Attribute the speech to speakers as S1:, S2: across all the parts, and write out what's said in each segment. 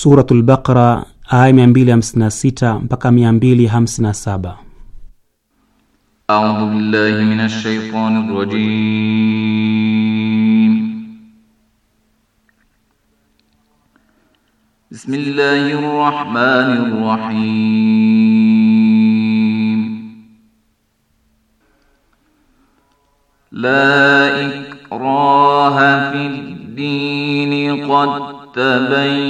S1: Suratul Baqara aya sita mpaka saba.
S2: A'udhu billahi minash shaitanir rajim.
S3: Bismillahir rahmanir rahim. La ikraha fid din qad tabayyana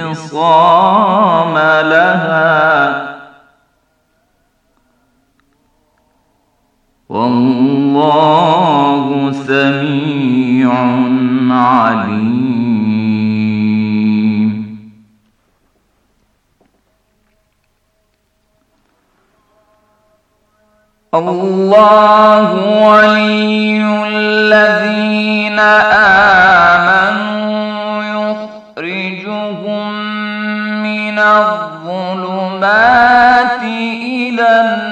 S3: فصام لها والله سميع عليم الله ولي الذين الظلمات إلى النار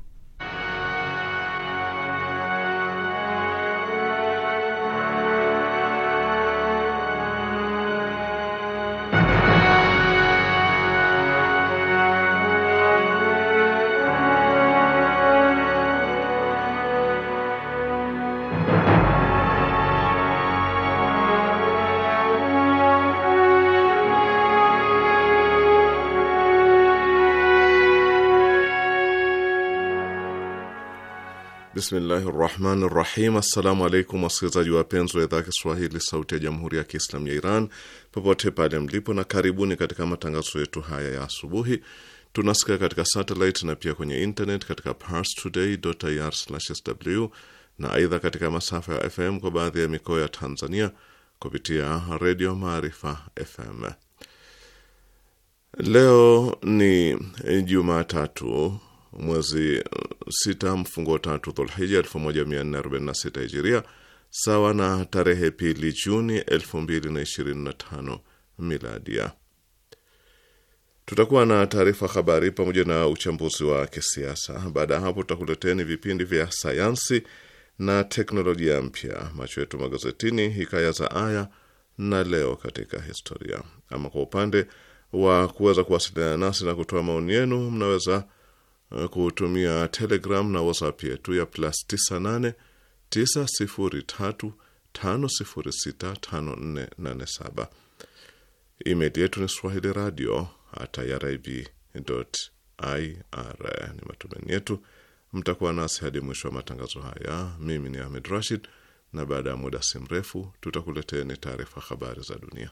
S4: Bismillahi rahmani rahim. Assalamu alaikum wasikilizaji wapenzi wa idhaa ya Kiswahili sauti ya jamhuri ya Kiislamu ya Iran popote pale mlipo, na karibuni katika matangazo yetu haya ya asubuhi. Tunasikia katika satellite na pia kwenye internet katika parstoday.ir/sw na aidha katika masafa ya FM kwa baadhi ya mikoa ya Tanzania kupitia redio Maarifa FM. Leo ni Jumatatu mwezi uh, sita mfungo tatu Dhulhija sita Hijiria, sawa na tarehe pili Juni tano Miladia. Tutakuwa na taarifa habari pamoja na uchambuzi wa kisiasa. Baada ya hapo, tutakuleteni vipindi vya sayansi na teknolojia mpya, macho yetu magazetini, hikaya za aya na leo katika historia. Ama kwa upande wa kuweza kuwasiliana nasi na kutoa maoni yenu, mnaweza Eh, kutumia Telegram na WhatsApp yetu ya plus 98 903 Email yetu ni swahili radio at ir. Ni matumaini yetu mtakuwa nasi hadi mwisho wa matangazo haya. Mimi ni Ahmed Rashid, na baada ya muda si mrefu tutakuleteeni taarifa habari za dunia.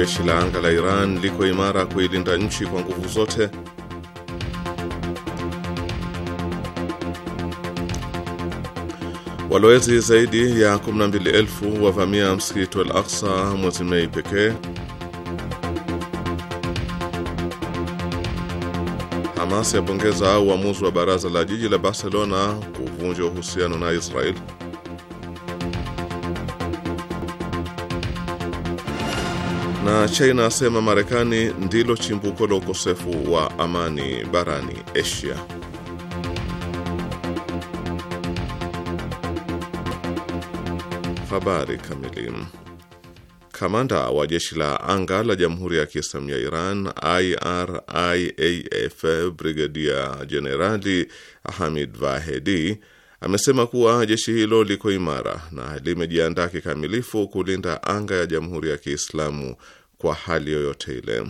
S4: Jeshi la anga la Iran liko imara kuilinda nchi kwa nguvu zote. Walowezi zaidi ya 12,000 wavamia msikiti wa Al-Aqsa mwezi Mei pekee. Hamas yapongeza uamuzi wa baraza la jiji la Barcelona kuvunja uhusiano na Israeli. na China asema Marekani ndilo chimbuko la ukosefu wa amani barani Asia. Habari kamili. Kamanda wa jeshi la anga la Jamhuri ya Kiislamu ya Iran IRIAF Brigadia Jenerali Hamid Vahedi Amesema kuwa jeshi hilo liko imara na limejiandaa kikamilifu kulinda anga ya Jamhuri ya Kiislamu kwa hali yoyote ile.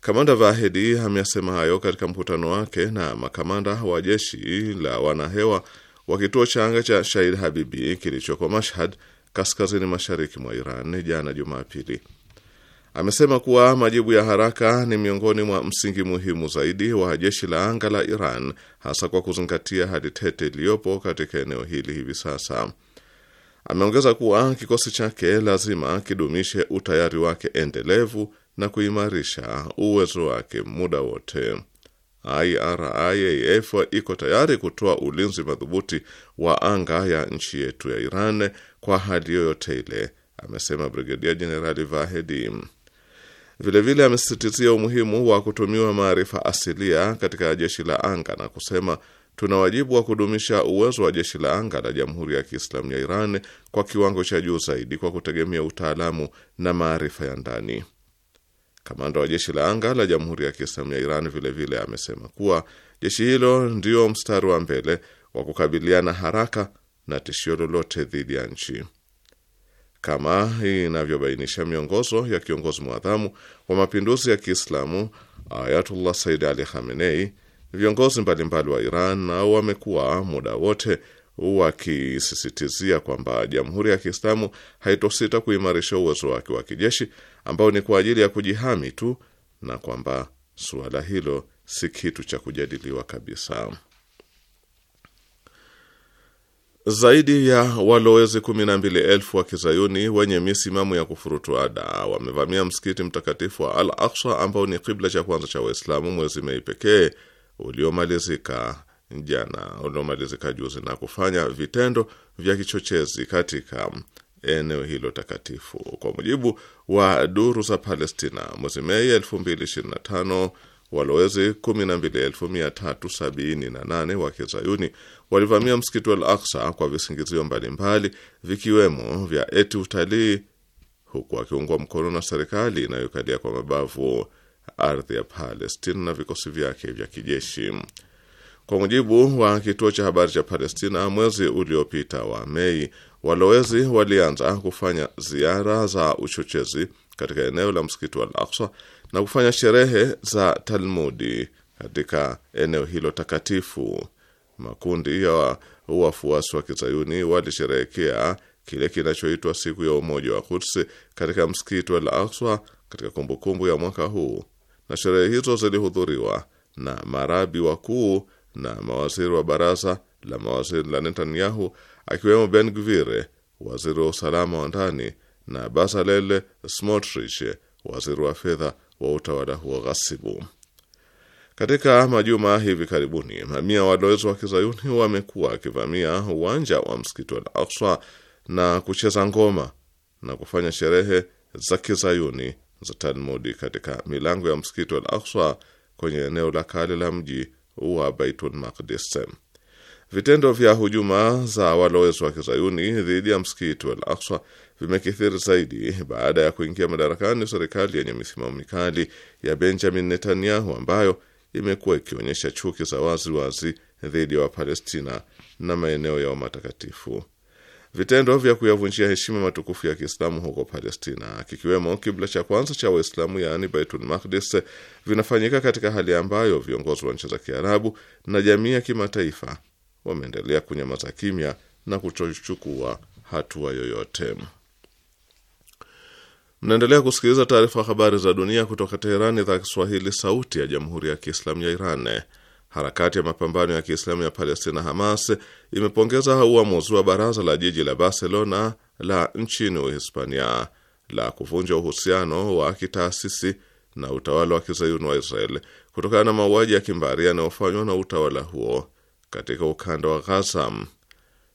S4: Kamanda Vahedi ameasema hayo katika mkutano wake na makamanda wa jeshi la wanahewa wa kituo cha anga cha Shahid Habibi kilichoko Mashhad, kaskazini mashariki mwa Iran jana Jumapili amesema kuwa majibu ya haraka ni miongoni mwa msingi muhimu zaidi wa jeshi la anga la Iran, hasa kwa kuzingatia hali tete iliyopo katika eneo hili hivi sasa. Ameongeza kuwa kikosi chake lazima kidumishe utayari wake endelevu na kuimarisha uwezo wake muda wote. IRIAF iko tayari kutoa ulinzi madhubuti wa anga ya nchi yetu ya Iran kwa hali yoyote ile, amesema Brigedia Jenerali Vahedi. Vilevile amesisitizia umuhimu wa kutumiwa maarifa asilia katika jeshi la anga na kusema tuna wajibu wa kudumisha uwezo wa jeshi la anga la Jamhuri ya Kiislamu ya Iran kwa kiwango cha juu zaidi kwa kutegemea utaalamu na maarifa ya ndani. Kamanda wa jeshi la anga la Jamhuri ya Kiislamu ya Iran vilevile vile amesema kuwa jeshi hilo ndio mstari wa mbele wa kukabiliana haraka na tishio lolote dhidi ya nchi kama inavyobainisha miongozo ya kiongozi mwadhamu wa mapinduzi ya Kiislamu Ayatullah Said Ali Khamenei. Viongozi mbalimbali wa Iran nao wamekuwa muda wote wakisisitizia kwamba jamhuri ya Kiislamu haitosita kuimarisha uwezo wake wa kijeshi ambao ni kwa ajili ya kujihami tu, na kwamba suala hilo si kitu cha kujadiliwa kabisa. Zaidi ya walowezi kumi na mbili elfu wa kizayuni wenye misimamo ya ada wamevamia msikiti mtakatifu wa Al Aksa ambao ni kibla cha kwanza cha Waislamu mwezi Mei pekee uliomalizika jana uliomalizika juzi na kufanya vitendo vya kichochezi katika eneo hilo takatifu. Kwa mujibu wa duru za Palestina, mwezi Mei tano walowezi 12378 wa kizayuni walivamia msikiti Al Aksa kwa visingizio mbalimbali vikiwemo vya eti utalii, huku wakiungwa mkono na serikali inayokalia kwa mabavu ardhi ya Palestina na vikosi vyake vya kijeshi. Kwa mujibu wa kituo cha habari cha Palestina, mwezi uliopita wa Mei, walowezi walianza kufanya ziara za uchochezi katika eneo la msikiti wa Al Aksa na kufanya sherehe za Talmudi katika eneo hilo takatifu. Makundi ya wafuasi wa kizayuni walisherehekea kile kinachoitwa siku ya umoja wa Quds katika msikiti wa Al-Aqsa katika kumbukumbu ya mwaka huu, na sherehe hizo zilihudhuriwa na marabi wakuu na mawaziri wa baraza la mawaziri la Netanyahu, akiwemo Ben Gvir, waziri wa usalama wa ndani, na Bezalel Smotrich waziri wa fedha wa utawala huo ghasibu. Katika majuma hivi karibuni, mamia walowezi wa kizayuni wamekuwa wakivamia uwanja wa msikiti wa Al-Aqsa na kucheza ngoma na kufanya sherehe za kizayuni za Talmudi katika milango ya msikiti wa Al-Aqsa kwenye eneo la kale la mji wa Baitul Maqdis. Vitendo vya hujuma za walowezi wa kizayuni dhidi ya msikiti wa Al-Aqsa vimekithiri zaidi baada ya kuingia madarakani serikali yenye misimamo mikali ya Benjamin Netanyahu ambayo imekuwa ikionyesha chuki za wazi wazi dhidi ya Wapalestina na maeneo yao matakatifu. Vitendo vya kuyavunjia heshima matukufu ya Kiislamu huko Palestina, kikiwemo kibla cha kwanza cha Waislamu yaani Baitul Maqdis, vinafanyika katika hali ambayo viongozi wa nchi za Kiarabu na jamii ya kimataifa wameendelea kunyamaza kimya na kutochukua hatua yoyote. Mnaendelea kusikiliza taarifa habari za dunia kutoka Teherani, idhaa Kiswahili, sauti ya jamhuri ya kiislamu ya Iran. Harakati ya mapambano ya kiislamu ya Palestina, Hamas, imepongeza uamuzi wa baraza la jiji la Barcelona la nchini Uhispania la kuvunja uhusiano wa kitaasisi na utawala wa kizayuni wa Israel kutokana na mauaji ya kimbari yanayofanywa na utawala huo katika ukanda wa ghaza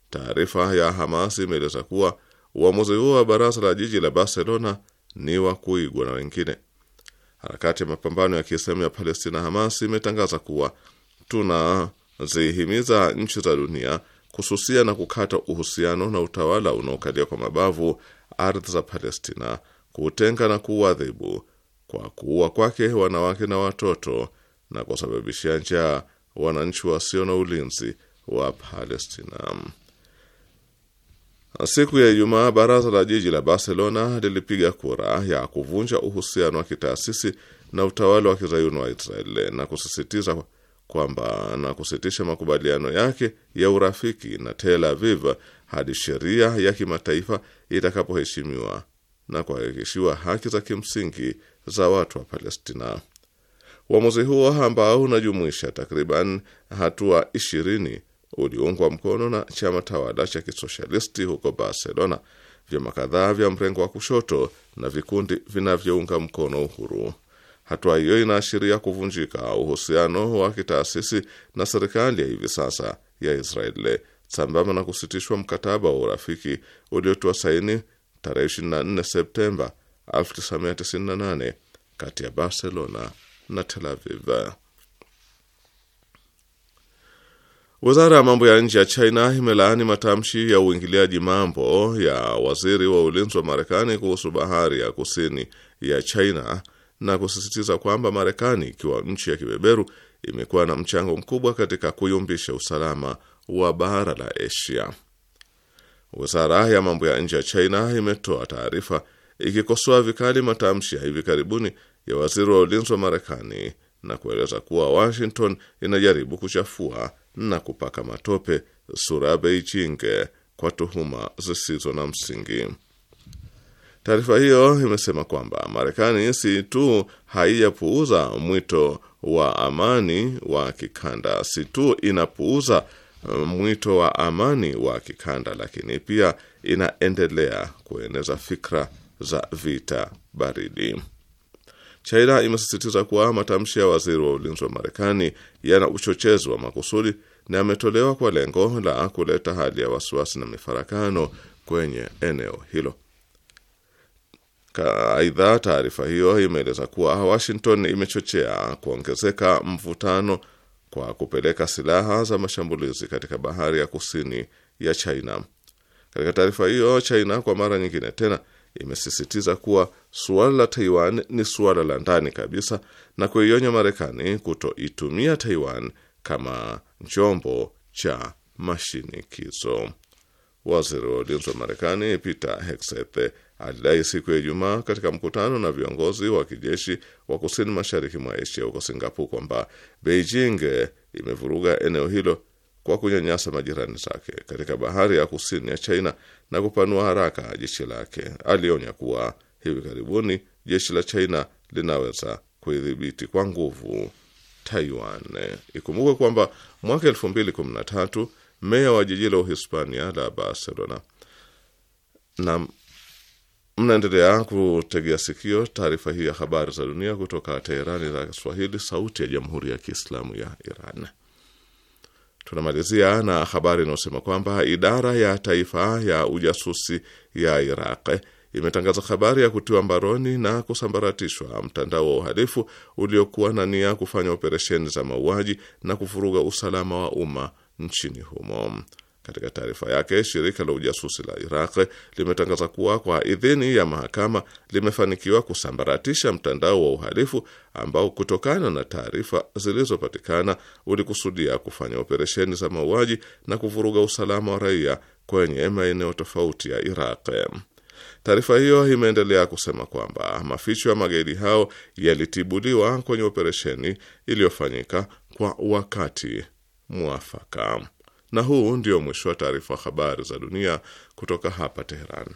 S4: Taarifa ya Hamas imeeleza kuwa uamuzi huo wa baraza la jiji la Barcelona ni wa kuigwa na wengine. Harakati ya mapambano ya Kiislamu ya Palestina, Hamas, imetangaza kuwa tunazihimiza nchi za dunia kususia na kukata uhusiano na utawala unaokalia kwa mabavu ardhi za Palestina, kutenga na kuuadhibu kwa kuua kwake wanawake na watoto na kusababishia njaa wananchi wasio na ulinzi wa Palestina. Siku ya Ijumaa, baraza la jiji la Barcelona lilipiga kura ya kuvunja uhusiano wa kitaasisi na utawala wa kizayuni wa Israel na kusisitiza kwamba na kusitisha makubaliano yake ya urafiki na Tel Aviv hadi sheria ya kimataifa itakapoheshimiwa na kuhakikishiwa haki za kimsingi za watu wa Palestina. Uamuzi huo ambao unajumuisha takriban hatua ishirini uliungwa mkono na chama tawala cha kisoshalisti huko Barcelona, vyama kadhaa vya mrengo wa kushoto na vikundi vinavyounga mkono uhuru. Hatua hiyo inaashiria kuvunjika uhusiano wa kitaasisi na serikali ya hivi sasa ya Israeli sambamba na kusitishwa mkataba wa urafiki uliotiwa saini tarehe 24 Septemba 1998 kati ya Barcelona na Tel Aviv. Wizara ya mambo ya nje ya China imelaani matamshi ya uingiliaji mambo ya waziri wa ulinzi wa Marekani kuhusu bahari ya kusini ya China na kusisitiza kwamba Marekani ikiwa nchi ya kibeberu imekuwa na mchango mkubwa katika kuyumbisha usalama wa bara la Asia. Wizara ya mambo ya nje ya China imetoa taarifa ikikosoa vikali matamshi ya hivi karibuni ya waziri wa ulinzi wa Marekani na kueleza kuwa Washington inajaribu kuchafua na kupaka matope sura ya Beijing kwa tuhuma zisizo na msingi. Taarifa hiyo imesema kwamba Marekani si tu haijapuuza mwito wa amani wa kikanda, si tu inapuuza um, mwito wa amani wa kikanda, lakini pia inaendelea kueneza fikra za vita baridi. China imesisitiza kuwa matamshi ya waziri wa ulinzi wa Marekani yana uchochezi wa makusudi na yametolewa kwa lengo la kuleta hali ya wasiwasi na mifarakano kwenye eneo hilo. Aidha, taarifa hiyo imeeleza kuwa Washington imechochea kuongezeka mvutano kwa kupeleka silaha za mashambulizi katika bahari ya kusini ya China. Katika taarifa hiyo, China kwa mara nyingine tena imesisitiza kuwa suala la Taiwan ni suala la ndani kabisa na kuionya Marekani kutoitumia Taiwan kama chombo cha mashinikizo. Waziri wa ulinzi wa Marekani Peter Hegseth alidai siku ya Ijumaa katika mkutano na viongozi wa kijeshi wa kusini mashariki mwa Asia huko Singapore kwamba Beijing imevuruga eneo hilo kwa kunyanyasa majirani zake katika bahari ya kusini ya China na kupanua haraka jeshi lake. Alionya kuwa hivi karibuni jeshi la China linaweza kuidhibiti kwa nguvu Taiwan. Ikumbukwe kwamba mwaka tatu meya wa jiji la Uhispania la Barcelona na mnaendelea kutegea sikio taarifa hii ya habari za dunia kutoka Teherani za Kiswahili, sauti ya jamhuri ya kiislamu ya Iran. Tunamalizia na habari inayosema kwamba idara ya taifa ya ujasusi ya Iraq imetangaza habari ya kutiwa mbaroni na kusambaratishwa mtandao wa uhalifu uliokuwa na nia kufanya operesheni za mauaji na kuvuruga usalama wa umma nchini humo. Katika taarifa yake, shirika la ujasusi la Iraq limetangaza kuwa kwa idhini ya mahakama limefanikiwa kusambaratisha mtandao wa uhalifu ambao kutokana na taarifa zilizopatikana ulikusudia kufanya operesheni za mauaji na kuvuruga usalama wa raia kwenye maeneo tofauti ya Iraq. Taarifa hiyo imeendelea kusema kwamba maficho ya magaidi hao yalitibuliwa kwenye operesheni iliyofanyika kwa wakati mwafaka. Na huu ndio mwisho wa taarifa wa habari za dunia kutoka hapa Teheran.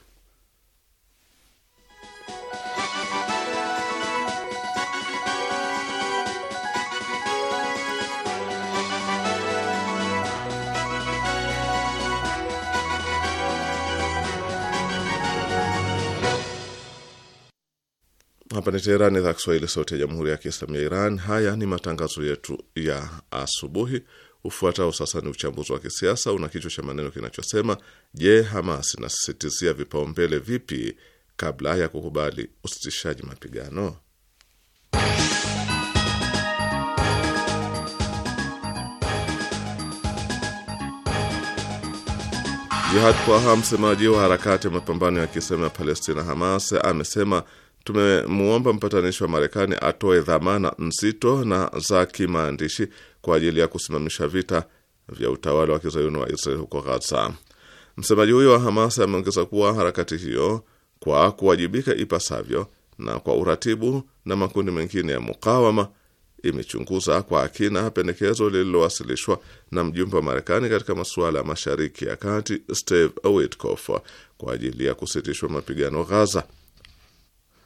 S4: Hapa ni Teherani, idhaa Kiswahili, sauti ya jamhuri ya kiislamu ya Iran. Haya ni matangazo yetu ya asubuhi. Ufuatao sasa ni uchambuzi wa kisiasa una kichwa cha maneno kinachosema je, Hamas inasisitizia vipaumbele vipi kabla ya kukubali usitishaji mapigano? Jihad Kwaha, msemaji wa harakati ya mapambano ya kisema ya Palestina Hamas, amesema tumemwomba mpatanishi wa Marekani atoe dhamana nzito na za kimaandishi kwa ajili ya kusimamisha vita vya utawala wa kizayuni wa Israel huko Ghaza. Msemaji huyo wa Hamas ameongeza kuwa harakati hiyo kwa kuwajibika ipasavyo na kwa uratibu na makundi mengine ya mukawama imechunguza kwa akina pendekezo lililowasilishwa na mjumbe wa Marekani katika masuala ya mashariki ya kati Steve Witkoff kwa ajili ya kusitishwa mapigano Ghaza.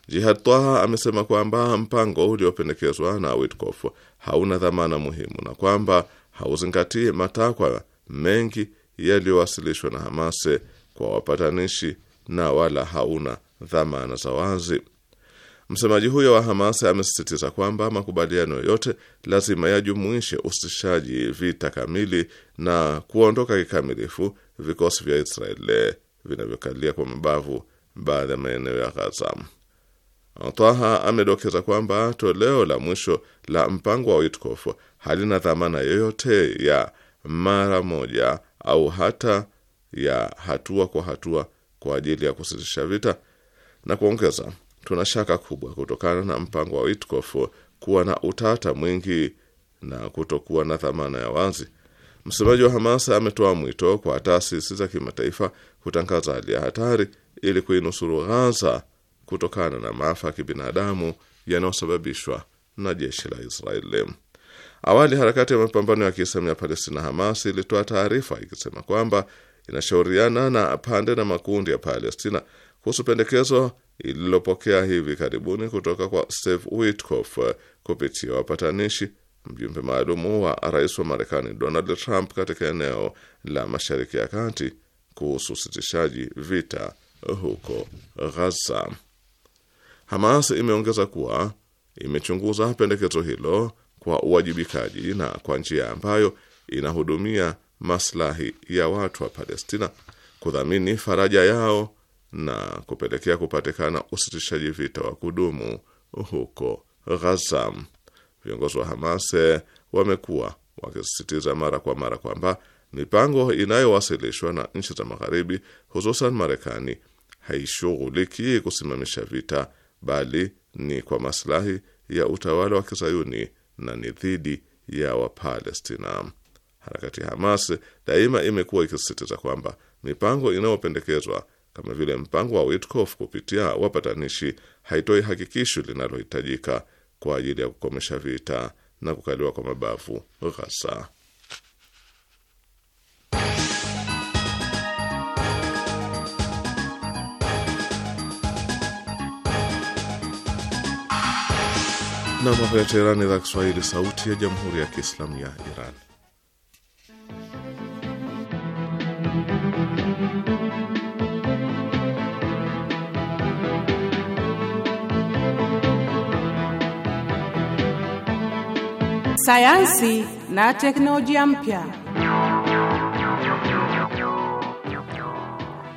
S4: Jihad Twaha amesema kwamba mpango uliopendekezwa na Witkoff hauna dhamana muhimu na kwamba hauzingatii matakwa mengi yaliyowasilishwa na Hamas kwa wapatanishi na wala hauna dhamana za wazi. Msemaji huyo wa Hamas amesisitiza kwamba makubaliano yoyote lazima yajumuishe usitishaji vita kamili na kuondoka kikamilifu vikosi vya Israeli eh, vinavyokalia kwa mabavu baadhi ya maeneo ya Gaza. Twaha amedokeza kwamba toleo la mwisho la mpango wa Witkoff halina dhamana yoyote ya mara moja au hata ya hatua kwa hatua kwa ajili ya kusitisha vita, na kuongeza, tuna shaka kubwa kutokana na mpango wa Witkoff kuwa na utata mwingi na kutokuwa na dhamana ya wazi. Msemaji wa Hamas ametoa mwito kwa taasisi za kimataifa kutangaza hali ya hatari ili kuinusuru Ghaza kutokana na maafa ya kibinadamu yanayosababishwa na jeshi la Israeli. Awali harakati ya mapambano ya Kiislamu ya Palestina Hamas ilitoa taarifa ikisema kwamba inashauriana na pande na makundi ya Palestina kuhusu pendekezo ililopokea hivi karibuni kutoka kwa Steve Witkoff kupitia wapatanishi, mjumbe maalumu wa rais wa Marekani Donald Trump katika eneo la Mashariki ya Kati kuhusu usitishaji vita huko Ghaza. Hamas imeongeza kuwa imechunguza pendekezo hilo kwa uwajibikaji na kwa njia ambayo inahudumia maslahi ya watu wa Palestina, kudhamini faraja yao na kupelekea kupatikana usitishaji vita wa kudumu huko Gaza. Viongozi wa Hamas wamekuwa wakisisitiza mara kwa mara kwamba mipango inayowasilishwa na nchi za Magharibi, hususan Marekani, haishughulikii kusimamisha vita bali ni kwa maslahi ya utawala wa kizayuni na ni dhidi ya Wapalestina. Harakati ya Hamas daima imekuwa ikisisitiza kwamba mipango inayopendekezwa kama vile mpango wa Witkoff kupitia wapatanishi haitoi hakikisho linalohitajika kwa ajili ya kukomesha vita na kukaliwa kwa mabavu Ghaza. na mambo ya Teheran, idhaa Kiswahili, sauti ya jamhuri ya kiislamu ya Iran.
S5: Sayansi na teknolojia mpya.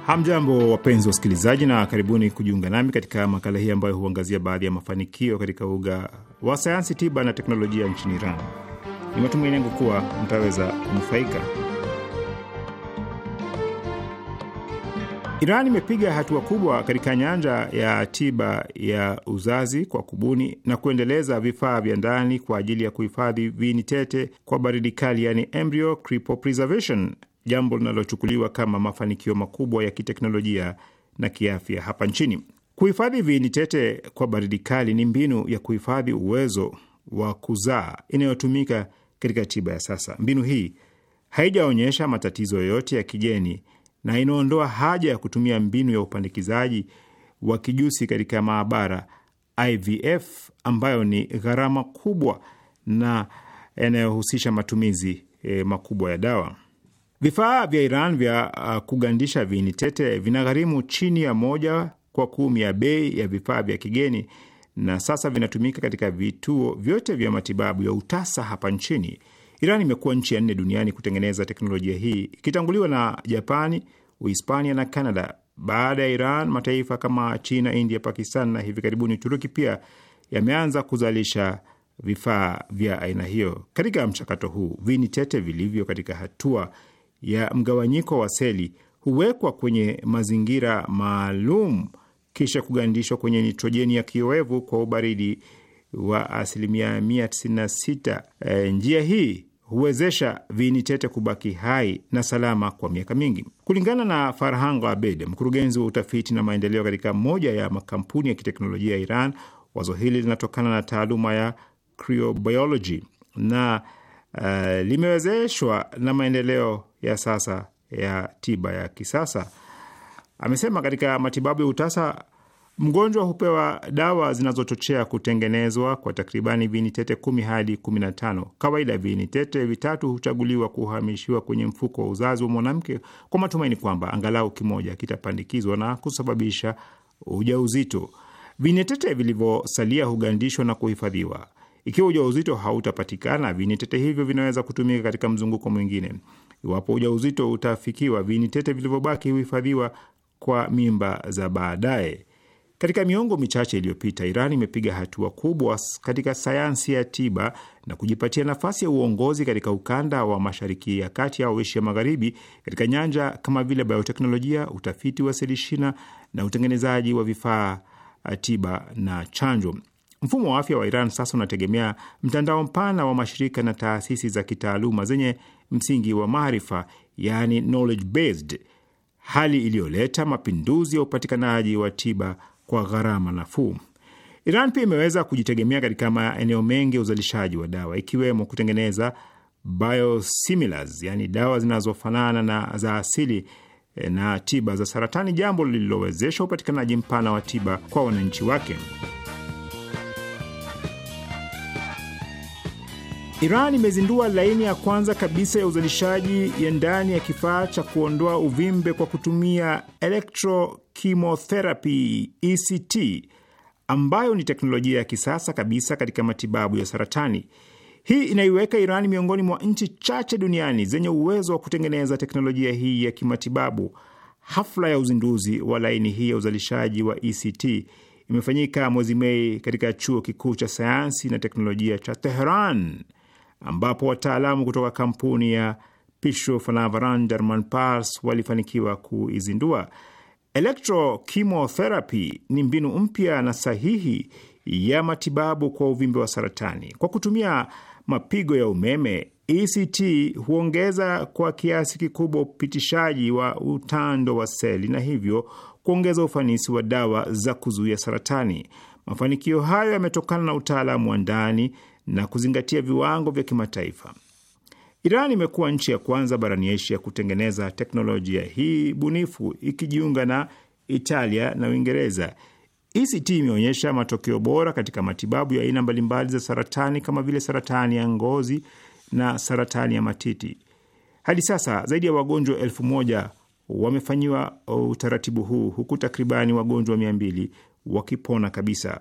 S6: Hamjambo, wapenzi usikilizaji na karibuni kujiunga nami katika makala hii ambayo huangazia baadhi ya mafanikio katika uga wa sayansi tiba na teknolojia nchini Iran. Ni matumaini yangu kuwa mtaweza kunufaika. Iran imepiga hatua kubwa katika nyanja ya tiba ya uzazi kwa kubuni na kuendeleza vifaa vya ndani kwa ajili ya kuhifadhi viini tete kwa baridi kali, yani embryo cryopreservation, jambo linalochukuliwa kama mafanikio makubwa ya kiteknolojia na kiafya hapa nchini. Kuhifadhi viini tete kwa baridi kali ni mbinu ya kuhifadhi uwezo wa kuzaa inayotumika katika tiba ya sasa. Mbinu hii haijaonyesha matatizo yoyote ya kijeni na inaondoa haja ya kutumia mbinu ya upandikizaji wa kijusi katika maabara IVF ambayo ni gharama kubwa na yanayohusisha matumizi e, makubwa ya dawa. Vifaa vya Iran vya uh, kugandisha viini tete vinagharimu chini ya moja kwa kumi ya bei ya vifaa vya kigeni na sasa vinatumika katika vituo vyote vya matibabu ya utasa hapa nchini. Iran imekuwa nchi ya nne duniani kutengeneza teknolojia hii ikitanguliwa na Japani, Uhispania na Canada. Baada ya Iran, mataifa kama China, India, Pakistan na hivi karibuni Turuki pia yameanza kuzalisha vifaa vya aina hiyo. Katika mchakato huu, vini tete vilivyo katika hatua ya mgawanyiko wa seli huwekwa kwenye mazingira maalum kisha kugandishwa kwenye nitrojeni ya kiowevu kwa ubaridi wa asilimia 196. E, njia hii huwezesha viini tete kubaki hai na salama kwa miaka mingi. Kulingana na Farhang Abed, mkurugenzi wa utafiti na maendeleo katika moja ya makampuni ya kiteknolojia ya Iran, wazo hili linatokana na taaluma ya cryobiology na uh, limewezeshwa na maendeleo ya sasa ya tiba ya kisasa amesema katika matibabu ya utasa mgonjwa hupewa dawa zinazochochea kutengenezwa kwa takribani viini tete kumi hadi kumi na tano. Kawaida viini tete vitatu huchaguliwa kuhamishiwa kwenye mfuko wa uzazi wa mwanamke kwa matumaini kwamba angalau kimoja kitapandikizwa na kusababisha ujauzito. Viini tete vilivyosalia hugandishwa na kuhifadhiwa. Ikiwa ujauzito hautapatikana, viini tete hivyo vinaweza kutumika katika mzunguko mwingine. Iwapo ujauzito utafikiwa, viini tete vilivyobaki huhifadhiwa kwa mimba za baadaye. Katika miongo michache iliyopita, Iran imepiga hatua kubwa katika sayansi ya tiba na kujipatia nafasi ya uongozi katika ukanda wa Mashariki ya Kati au Asia Magharibi katika nyanja kama vile bioteknolojia, utafiti wa selishina na utengenezaji wa vifaa tiba na chanjo. Mfumo wa afya wa Iran sasa unategemea mtandao mpana wa mashirika na taasisi za kitaaluma zenye msingi wa maarifa, yani knowledge based hali iliyoleta mapinduzi ya upatikanaji wa tiba kwa gharama nafuu. Iran pia imeweza kujitegemea katika maeneo mengi ya uzalishaji wa dawa ikiwemo kutengeneza biosimilars, yani dawa zinazofanana na za asili eh, na tiba za saratani, jambo lililowezesha upatikanaji mpana wa tiba kwa wananchi wake. Iran imezindua laini ya kwanza kabisa ya uzalishaji ya ndani ya kifaa cha kuondoa uvimbe kwa kutumia electrochemotherapy ECT ambayo ni teknolojia ya kisasa kabisa katika matibabu ya saratani. Hii inaiweka Iran miongoni mwa nchi chache duniani zenye uwezo wa kutengeneza teknolojia hii ya kimatibabu. Hafla ya uzinduzi wa laini hii ya uzalishaji wa ECT imefanyika mwezi Mei katika chuo kikuu cha sayansi na teknolojia cha Teheran ambapo wataalamu kutoka kampuni ya Pisho Fanavaran German Pars walifanikiwa kuizindua. Electrochemotherapy ni mbinu mpya na sahihi ya matibabu kwa uvimbe wa saratani kwa kutumia mapigo ya umeme. ECT huongeza kwa kiasi kikubwa upitishaji wa utando wa seli na hivyo kuongeza ufanisi wa dawa za kuzuia saratani. Mafanikio hayo yametokana na utaalamu wa ndani na kuzingatia viwango vya kimataifa. Iran imekuwa nchi ya kwanza barani Asia kutengeneza teknolojia hii bunifu ikijiunga na Italia na Uingereza. ECT imeonyesha matokeo bora katika matibabu ya aina mbalimbali za saratani kama vile saratani ya ngozi na saratani ya matiti. Hadi sasa zaidi ya wagonjwa elfu moja wamefanyiwa uh, utaratibu huu huku takribani wagonjwa mia mbili wakipona kabisa.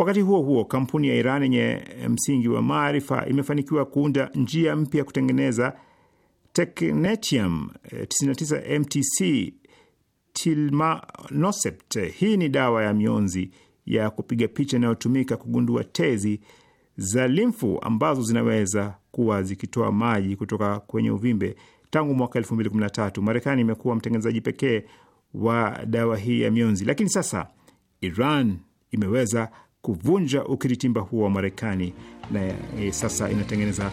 S6: Wakati huo huo, kampuni ya Iran yenye msingi wa maarifa imefanikiwa kuunda njia mpya ya kutengeneza technetium 99 eh, mtc tilmanosept. Hii ni dawa ya mionzi ya kupiga picha inayotumika kugundua tezi za limfu ambazo zinaweza kuwa zikitoa maji kutoka kwenye uvimbe. Tangu mwaka tatu Marekani imekuwa mtengenezaji pekee wa dawa hii ya mionzi, lakini sasa Iran imeweza kuvunja ukiritimba huo wa Marekani na e, sasa inatengeneza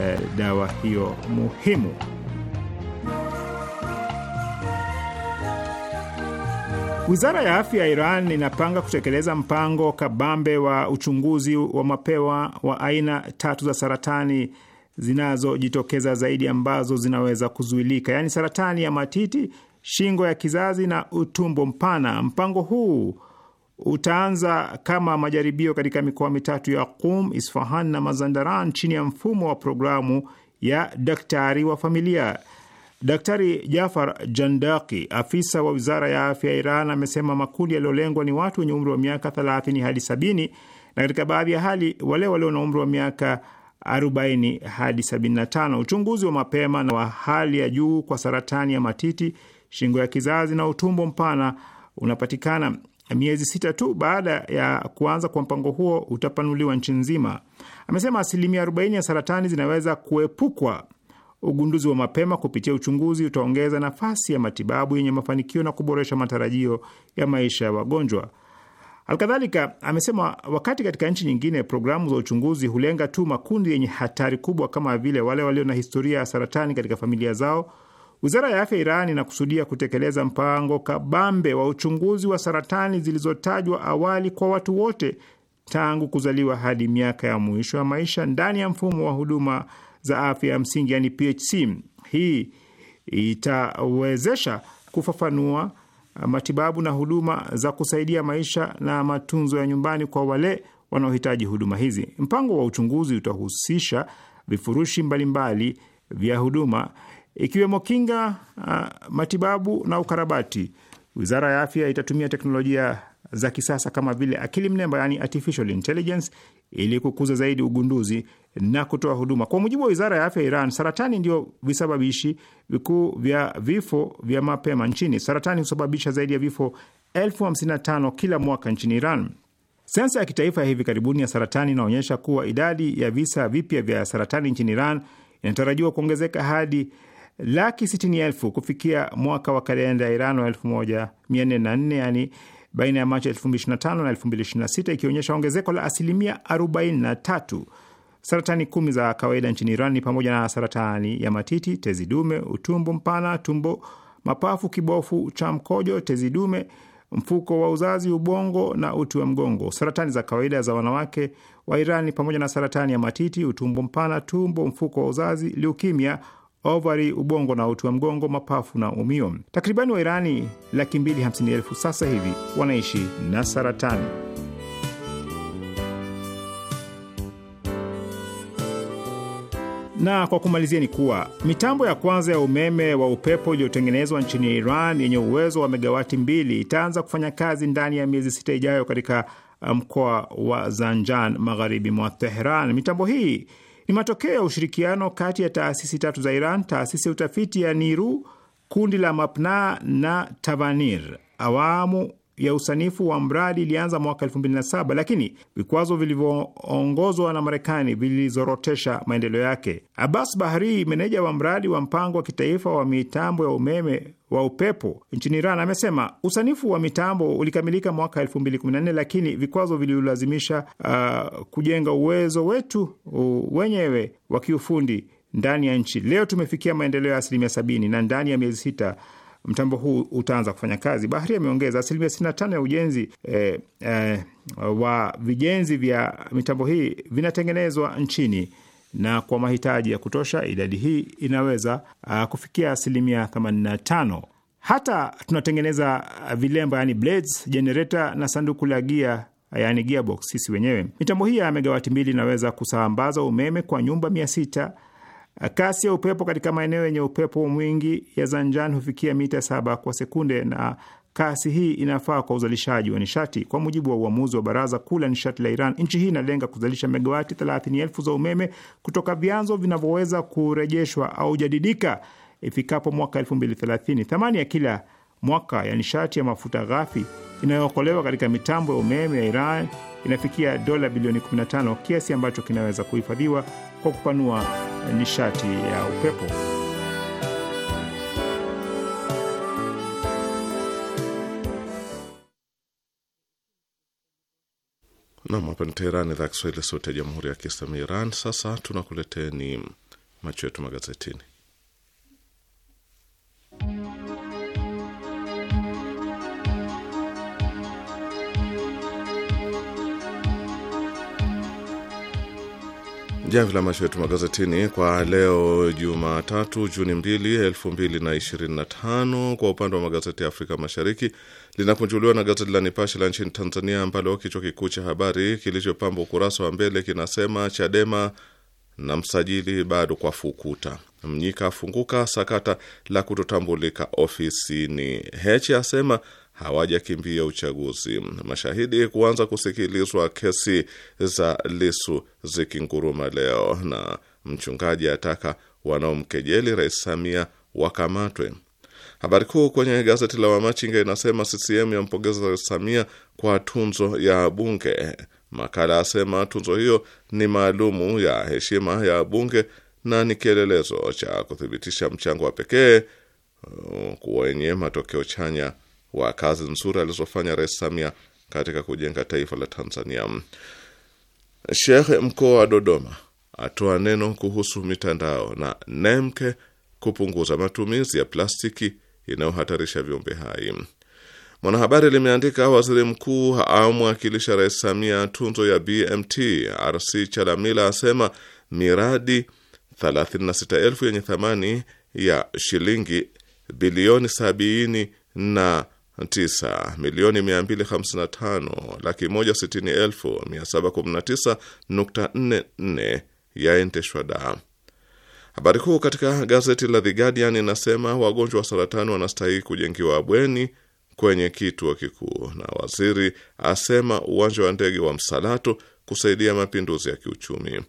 S6: e, dawa hiyo muhimu. Wizara ya afya ya Iran inapanga kutekeleza mpango kabambe wa uchunguzi wa mapema wa aina tatu za saratani zinazojitokeza zaidi ambazo zinaweza kuzuilika, yaani saratani ya matiti, shingo ya kizazi na utumbo mpana. Mpango huu utaanza kama majaribio katika mikoa mitatu ya Qum, Isfahan na Mazandaran chini ya mfumo wa programu ya daktari wa familia. Daktari Jafar Jandaki, afisa wa wizara ya afya ya Iran, amesema makundi yaliyolengwa ni watu wenye umri wa miaka 30 hadi 70 na katika baadhi ya hali wale walio na umri wa miaka 40 hadi 75. Uchunguzi wa mapema na wa hali ya juu kwa saratani ya matiti, shingo ya kizazi na utumbo mpana unapatikana miezi sita tu baada ya kuanza kwa mpango huo utapanuliwa nchi nzima. Amesema asilimia 40 ya saratani zinaweza kuepukwa. Ugunduzi wa mapema kupitia uchunguzi utaongeza nafasi ya matibabu yenye mafanikio na kuboresha matarajio ya maisha ya wagonjwa. Alkadhalika amesema wakati katika nchi nyingine programu za uchunguzi hulenga tu makundi yenye hatari kubwa kama vile wale walio na historia ya saratani katika familia zao Wizara ya afya Iran inakusudia kutekeleza mpango kabambe wa uchunguzi wa saratani zilizotajwa awali kwa watu wote tangu kuzaliwa hadi miaka ya mwisho ya maisha ndani ya mfumo wa huduma za afya ya msingi, yani PHC. Hii itawezesha kufafanua matibabu na huduma za kusaidia maisha na matunzo ya nyumbani kwa wale wanaohitaji huduma hizi. Mpango wa uchunguzi utahusisha vifurushi mbalimbali vya huduma ikiwemo kinga, uh, matibabu na ukarabati. Wizara ya afya itatumia teknolojia za kisasa kama vile akili mnemba, yani artificial intelligence, ili kukuza zaidi ugunduzi na kutoa huduma. Kwa mujibu wa wizara ya afya ya Iran, saratani ndio visababishi vikuu vya vifo vya mapema nchini. Saratani husababisha zaidi ya vifo elfu hamsini na tano kila mwaka nchini Iran. Sensa ya kitaifa ya hivi karibuni ya saratani inaonyesha kuwa idadi ya visa vipya vya saratani nchini Iran inatarajiwa kuongezeka hadi laki sitini elfu kufikia mwaka wa kalenda ya Iran wa elfu moja mia nne na nne yani baina ya Machi elfu mbili 2025 na elfu mbili sita ikionyesha ongezeko la asilimia arobaini na tatu. Saratani kumi za kawaida nchini Iran ni pamoja na saratani ya matiti, tezi dume, utumbo mpana, tumbo, mapafu, kibofu cha mkojo, tezi dume, mfuko wa uzazi, ubongo na uti wa mgongo. Saratani za kawaida za wanawake wa Iran ni pamoja na saratani ya matiti, utumbo mpana, tumbo, mfuko wa uzazi, leukemia, ovari, ubongo na uti wa mgongo, mapafu na umio. Takribani Wairani laki mbili hamsini elfu sasa hivi wanaishi na saratani. Na kwa kumalizia ni kuwa mitambo ya kwanza ya umeme wa upepo iliyotengenezwa nchini Iran yenye uwezo wa megawati mbili itaanza kufanya kazi ndani ya miezi sita ijayo katika mkoa wa Zanjan magharibi mwa Teheran. Mitambo hii ni matokeo ya ushirikiano kati ya taasisi tatu za Iran: taasisi ya utafiti ya Niru, kundi la Mapna na Tavanir. Awamu ya usanifu wa mradi ilianza mwaka 2007 lakini vikwazo vilivyoongozwa na Marekani vilizorotesha maendeleo yake. Abbas Bahri, meneja wa mradi wa mpango wa kitaifa wa mitambo ya umeme wa upepo nchini Iran amesema usanifu wa mitambo ulikamilika mwaka 2014 lakini vikwazo vililazimisha uh, kujenga uwezo wetu uh, wenyewe wa kiufundi ndani ya nchi. Leo tumefikia maendeleo ya asilimia sabini na ndani ya miezi sita mtambo huu utaanza kufanya kazi. Bahari ameongeza asilimia sitini na tano ya ujenzi eh, eh, wa vijenzi vya mitambo hii vinatengenezwa nchini na kwa mahitaji ya kutosha idadi hii inaweza uh, kufikia asilimia 85. Hata tunatengeneza uh, vilemba, yani blades, generator na sanduku la gia yani gearbox sisi wenyewe. Mitambo hii ya megawati mbili inaweza kusambaza umeme kwa nyumba mia sita. Kasi ya upepo katika maeneo yenye upepo mwingi ya Zanjan hufikia mita saba kwa sekunde na kasi hii inafaa kwa uzalishaji wa nishati. Kwa mujibu wa uamuzi wa Baraza Kuu la Nishati la Iran, nchi hii inalenga kuzalisha megawati 30,000 za umeme kutoka vyanzo vinavyoweza kurejeshwa au jadidika ifikapo mwaka 2030. Thamani ya kila mwaka ya nishati ya mafuta ghafi inayookolewa katika mitambo ya umeme ya Iran inafikia dola bilioni 15, kiasi ambacho kinaweza kuhifadhiwa kwa kupanua nishati ya upepo.
S4: Nam, hapa ni Teherani, idhaa Kiswahili, sauti ya jamhuri ya kiislamu ya Iran. Sasa tunakuleteni macho yetu magazetini. Jamvi la macho yetu magazetini kwa leo Jumatatu, Juni 2, 2025. Kwa upande wa magazeti ya Afrika Mashariki linakunjuliwa na gazeti la Nipashe la nchini Tanzania, ambalo kichwa kikuu cha habari kilichopamba ukurasa wa mbele kinasema Chadema na msajili bado kwa fukuta, Mnyika afunguka sakata la kutotambulika ofisini, hechi asema hawajakimbia uchaguzi, mashahidi kuanza kusikilizwa kesi za Lisu zikinguruma leo, na mchungaji ataka wanaomkejeli Rais Samia wakamatwe. Habari kuu kwenye gazeti la Wamachinga inasema CCM yampongeza Samia kwa tunzo ya Bunge. Makala asema tunzo hiyo ni maalumu ya heshima ya Bunge na ni kielelezo cha kuthibitisha mchango wa pekee uh, kwenye matokeo chanya wa kazi nzuri alizofanya Rais Samia katika kujenga taifa la Tanzania. shekhe mkoa wa Dodoma atoa neno kuhusu mitandao na Nemke kupunguza matumizi ya plastiki inayohatarisha viumbe hai. Mwanahabari limeandika waziri mkuu amwakilisha Rais Samia tunzo ya BMT. RC Chalamila asema miradi 36,000 yenye thamani ya shilingi bilioni 79 milioni 255 laki 160,719.44 yaendeshwa daa Habari kuu katika gazeti la The Guardian inasema wagonjwa wa saratani wanastahili kujengiwa bweni kwenye kituo kikuu, na waziri asema uwanja wa ndege wa Msalatu kusaidia mapinduzi ya kiuchumi.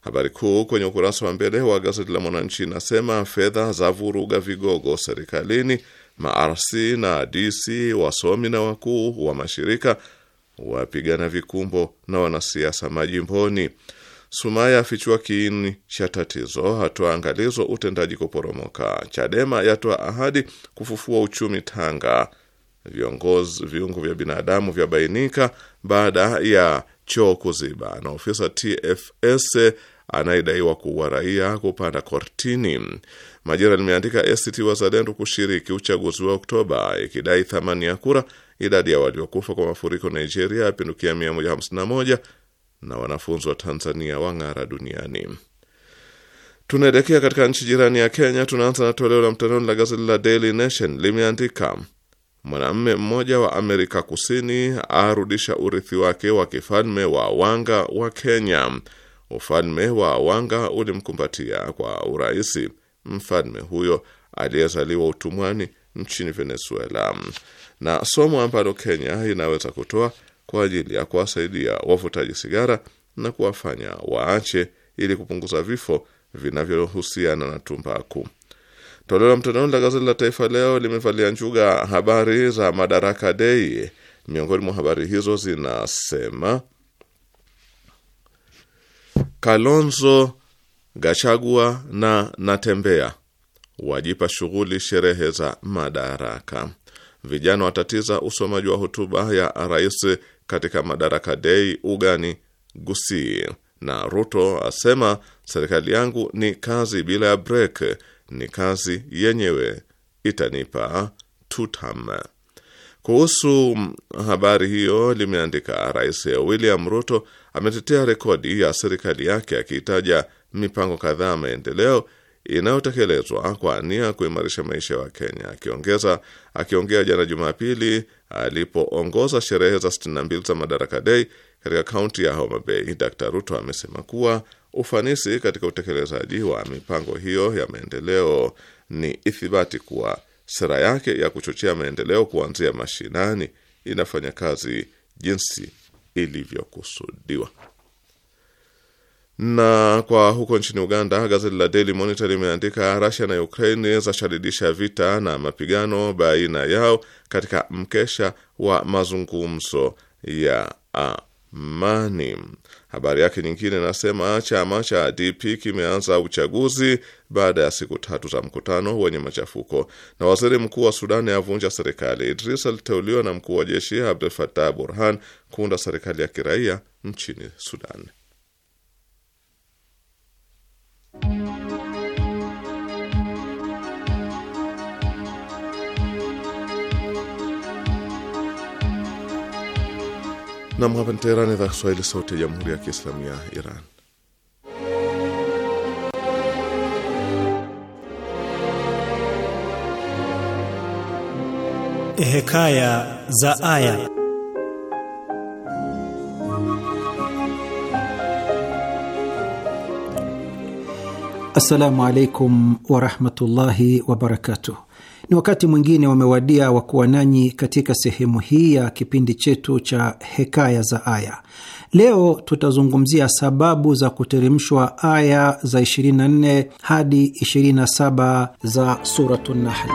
S4: Habari kuu kwenye ukurasa wa mbele wa gazeti la Mwananchi inasema fedha za vuruga vigogo serikalini, marc na DC, wasomi na wakuu wa mashirika wapigana vikumbo na wanasiasa majimboni. Sumaya afichua kiini cha tatizo, hatua angalizo utendaji kuporomoka. Chadema yatoa ahadi kufufua uchumi Tanga. Viongozi viungo vya binadamu vyabainika baada ya choo kuziba, na ofisa TFS anayedaiwa kuua raia kupanda kortini. Majira limeandika ACT Wazalendo kushiriki uchaguzi wa Oktoba ikidai thamani ya kura. Idadi ya waliokufa kwa mafuriko Nigeria yapindukia 151 na wanafunzi wa Tanzania wang'ara duniani. Tunaelekea katika nchi jirani ya Kenya. Tunaanza na toleo la mtandaoni la gazeti la Daily Nation, limeandika mwanamume mmoja wa Amerika Kusini arudisha urithi wake wa kifalme wa wanga wa Kenya. Ufalme wa wanga ulimkumbatia kwa urahisi mfalme huyo aliyezaliwa utumwani nchini Venezuela, na somo ambalo Kenya inaweza kutoa kwa ajili ya kuwasaidia wavutaji sigara na kuwafanya waache ili kupunguza vifo vinavyohusiana na tumbaku. Toleo la mtandaoni la gazeti la Taifa Leo limevalia njuga habari za Madaraka Dei. Miongoni mwa habari hizo zinasema Kalonzo, Gachagua na Natembea wajipa shughuli sherehe za Madaraka. Vijana watatiza usomaji wa hotuba ya Rais katika Madaraka Dei ugani Gusii, na Ruto asema serikali yangu ni kazi bila ya brek, ni kazi yenyewe itanipa tutam. Kuhusu habari hiyo limeandika, Rais William Ruto ametetea rekodi ya serikali yake akiitaja mipango kadhaa maendeleo inayotekelezwa kwa nia ya kuimarisha maisha ya Wakenya, akiongeza akiongea jana Jumapili alipoongoza sherehe za 62 za Madaraka Day katika kaunti ya Homa Bay, Dr. Ruto amesema kuwa ufanisi katika utekelezaji wa mipango hiyo ya maendeleo ni ithibati kuwa sera yake ya kuchochea maendeleo kuanzia mashinani inafanya kazi jinsi ilivyokusudiwa. Na kwa huko nchini Uganda, gazeti la Daily Monitor limeandika Russia na Ukraine zashadidisha vita na mapigano baina yao katika mkesha wa mazungumzo ya amani. Habari yake nyingine inasema chama cha DP kimeanza uchaguzi baada ya siku tatu za mkutano wenye machafuko, na waziri mkuu wa Sudani avunja serikali. Idris aliteuliwa na mkuu wa jeshi Abdul Fattah Burhan kuunda serikali ya kiraia nchini Sudan. Nam, hapa ni Teherani, idhaa Kiswahili, sauti ya jamhuri ya kiislamu ya Iran. Hekaya
S1: za Aya.
S7: Assalamu alaikum warahmatullahi wabarakatuh. Ni wakati mwingine wamewadia wa kuwa nanyi katika sehemu hii ya kipindi chetu cha Hekaya za Aya. Leo tutazungumzia sababu za kuteremshwa aya za 24 hadi 27 za Suratu Nahli.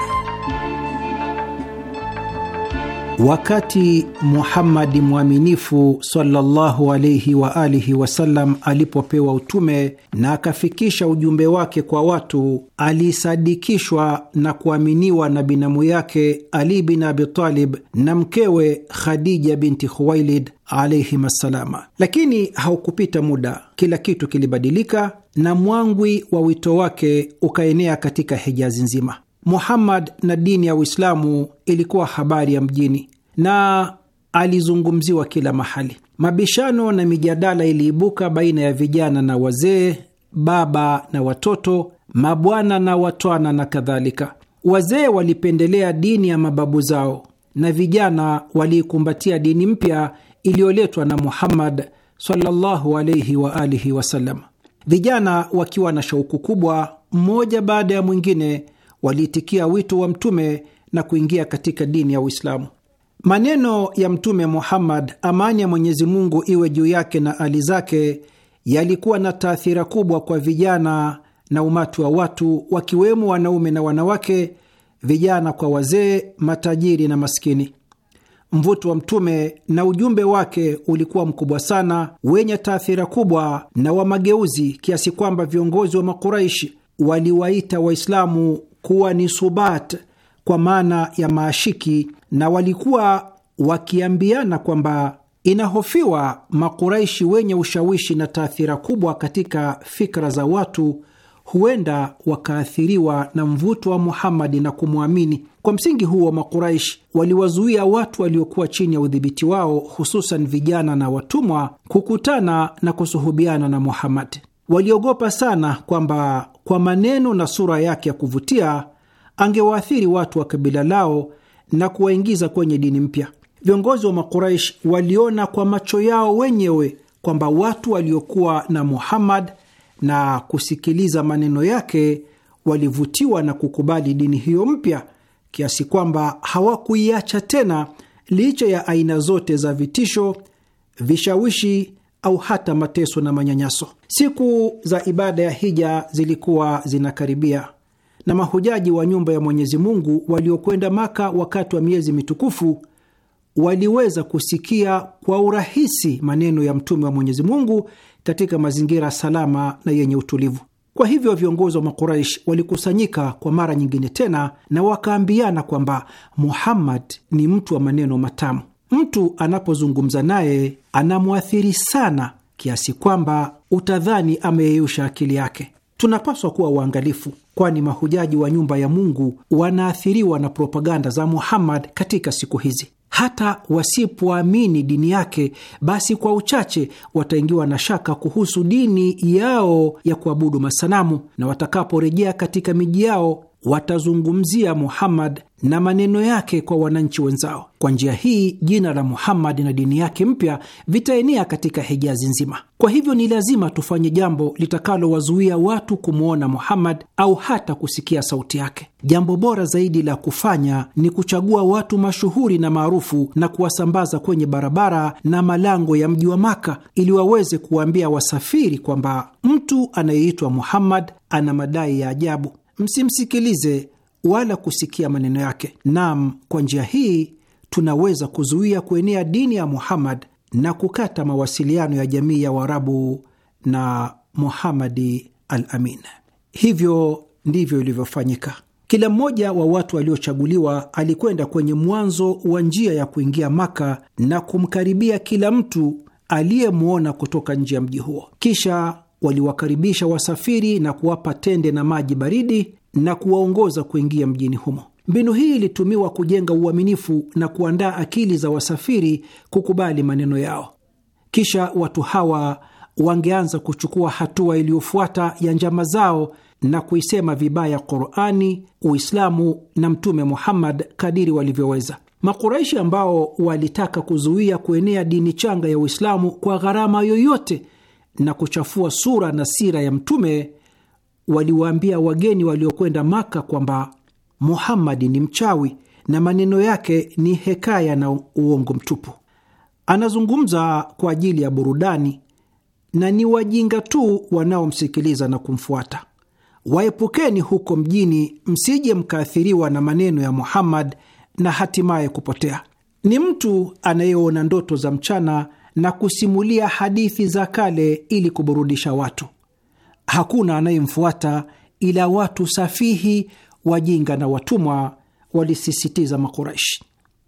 S7: Wakati Muhammadi mwaminifu sallallahu alaihi wa alihi wasallam alipopewa utume na akafikisha ujumbe wake kwa watu, alisadikishwa na kuaminiwa na binamu yake Ali bin Abitalib na mkewe Khadija binti Khuwailid alaihim assalama. Lakini haukupita muda, kila kitu kilibadilika na mwangwi wa wito wake ukaenea katika Hijazi nzima. Muhammad na dini ya Uislamu ilikuwa habari ya mjini na alizungumziwa kila mahali. Mabishano na mijadala iliibuka baina ya vijana na wazee, baba na watoto, mabwana na watwana na kadhalika. Wazee walipendelea dini ya mababu zao na vijana waliikumbatia dini mpya iliyoletwa na Muhammad sallallahu alayhi wa alihi wasallam. Vijana wakiwa na shauku kubwa, mmoja baada ya mwingine waliitikia wito wa Mtume na kuingia katika dini ya Uislamu. Maneno ya Mtume Muhammad, amani ya Mwenyezi Mungu iwe juu yake na ali zake, yalikuwa na taathira kubwa kwa vijana na umati wa watu, wakiwemo wanaume na wanawake, vijana kwa wazee, matajiri na maskini. Mvuto wa Mtume na ujumbe wake ulikuwa mkubwa sana, wenye taathira kubwa na wa mageuzi, kiasi kwamba viongozi wa Makuraishi waliwaita Waislamu kuwa ni subat kwa maana ya maashiki, na walikuwa wakiambiana kwamba inahofiwa Makuraishi wenye ushawishi na taathira kubwa katika fikra za watu huenda wakaathiriwa na mvuto wa Muhamadi na kumwamini. Kwa msingi huo, Makuraish waliwazuia watu waliokuwa chini ya udhibiti wao, hususan vijana na watumwa, kukutana na kusuhubiana na Muhamadi. Waliogopa sana kwamba kwa maneno na sura yake ya kuvutia angewaathiri watu wa kabila lao na kuwaingiza kwenye dini mpya. Viongozi wa Makuraish waliona kwa macho yao wenyewe kwamba watu waliokuwa na Muhammad na kusikiliza maneno yake walivutiwa na kukubali dini hiyo mpya kiasi kwamba hawakuiacha tena, licha ya aina zote za vitisho, vishawishi au hata mateso na manyanyaso. Siku za ibada ya hija zilikuwa zinakaribia na mahujaji wa nyumba ya Mwenyezi Mungu waliokwenda Maka wakati wa miezi mitukufu waliweza kusikia kwa urahisi maneno ya Mtume wa Mwenyezi Mungu katika mazingira salama na yenye utulivu. Kwa hivyo viongozi wa Makuraish walikusanyika kwa mara nyingine tena na wakaambiana kwamba Muhammad ni mtu wa maneno matamu. Mtu anapozungumza naye anamwathiri sana kiasi kwamba utadhani ameyeyusha akili yake. Tunapaswa kuwa uangalifu, kwani mahujaji wa nyumba ya Mungu wanaathiriwa na propaganda za Muhammad katika siku hizi. Hata wasipoamini dini yake, basi kwa uchache wataingiwa na shaka kuhusu dini yao ya kuabudu masanamu, na watakaporejea katika miji yao watazungumzia Muhammad na maneno yake kwa wananchi wenzao. Kwa njia hii jina la Muhammad na dini yake mpya vitaenea katika Hijazi nzima. Kwa hivyo ni lazima tufanye jambo litakalowazuia watu kumwona Muhammad au hata kusikia sauti yake. Jambo bora zaidi la kufanya ni kuchagua watu mashuhuri na maarufu na kuwasambaza kwenye barabara na malango ya mji wa Maka ili waweze kuwaambia wasafiri kwamba mtu anayeitwa Muhammad ana madai ya ajabu msimsikilize wala kusikia maneno yake. Naam, kwa njia hii tunaweza kuzuia kuenea dini ya Muhammad na kukata mawasiliano ya jamii ya Waarabu na Muhamadi al Amin. Hivyo ndivyo ilivyofanyika. Kila mmoja wa watu waliochaguliwa alikwenda kwenye mwanzo wa njia ya kuingia Maka na kumkaribia kila mtu aliyemwona kutoka nje ya mji huo. Kisha waliwakaribisha wasafiri na kuwapa tende na maji baridi na kuwaongoza kuingia mjini humo. Mbinu hii ilitumiwa kujenga uaminifu na kuandaa akili za wasafiri kukubali maneno yao. Kisha watu hawa wangeanza kuchukua hatua iliyofuata ya njama zao na kuisema vibaya Qurani, Uislamu na Mtume Muhammad kadiri walivyoweza. Makuraishi ambao walitaka kuzuia kuenea dini changa ya Uislamu kwa gharama yoyote na kuchafua sura na sira ya Mtume, waliwaambia wageni waliokwenda Maka kwamba Muhammadi ni mchawi na maneno yake ni hekaya na uongo mtupu, anazungumza kwa ajili ya burudani na ni wajinga tu wanaomsikiliza na kumfuata. Waepukeni huko mjini, msije mkaathiriwa na maneno ya Muhammad na hatimaye kupotea. Ni mtu anayeona ndoto za mchana na kusimulia hadithi za kale ili kuburudisha watu. Hakuna anayemfuata ila watu safihi, wajinga na watumwa, walisisitiza Makuraishi.